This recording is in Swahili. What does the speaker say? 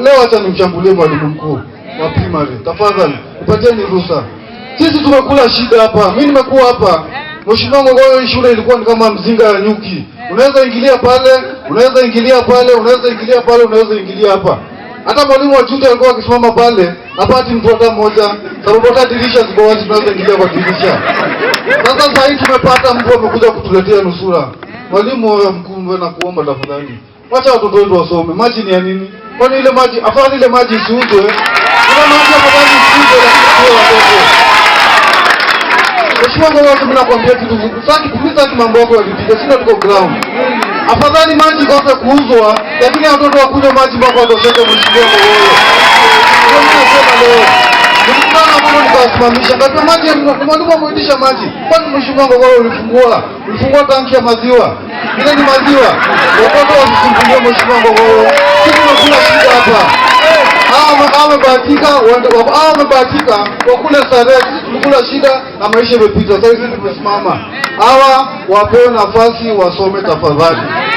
leo hata nimchambulie mwalimu mkuu wa primary, tafadhali upateni ruhusa. Sisi tumekula shida hapa, mimi nimekuwa hapa Mheshimiwa Ngogoyo, hii shule ilikuwa ni kama mzinga ya nyuki, unaweza ingilia pale, unaweza ingilia pale, unaweza ingilia pale, unaweza ingilia hapa. Hata mwalimu wa Juda alikuwa akisimama pale, hapati mtu hata mmoja, sababu hata dirisha ziko wazi, tunaweza ingilia kwa dirisha. Sasa saa hii tumepata mtu amekuja kutuletea nusura. Mwalimu wewe mkuu, mwe na kuomba tafadhali, wacha watoto wetu wasome, maji ni ya nini? Kwani ile maji, afadhali ile maji isiuzwe. Ile eh? maji afadhali isiuzwe lakini sio watoto. Mheshimiwa Ngolo, mimi nakwambia kitu sitaki kumisa tu mambo yako ya vipiga, sina tuko ground. Afadhali maji kosa kuuzwa lakini watoto wakunywa maji mpaka watoseke mshindo wao. Ndio mnasema leo. Nilikutana hapo nikawasimamisha. Katika maji mwalimu amrudisha maji. Kwani Mheshimiwa Ngolo ulifungua? Ulifungua tanki ya maziwa ni maziwa wakoto wasisumbue mheshimiwa Ngongoro, sisi tunakula shida hapa. Amebahatika, amebahatika wakula starehe, kula shida na maisha yamepita. Sasa hivi tumesimama, hawa wapewe nafasi wasome tafadhali.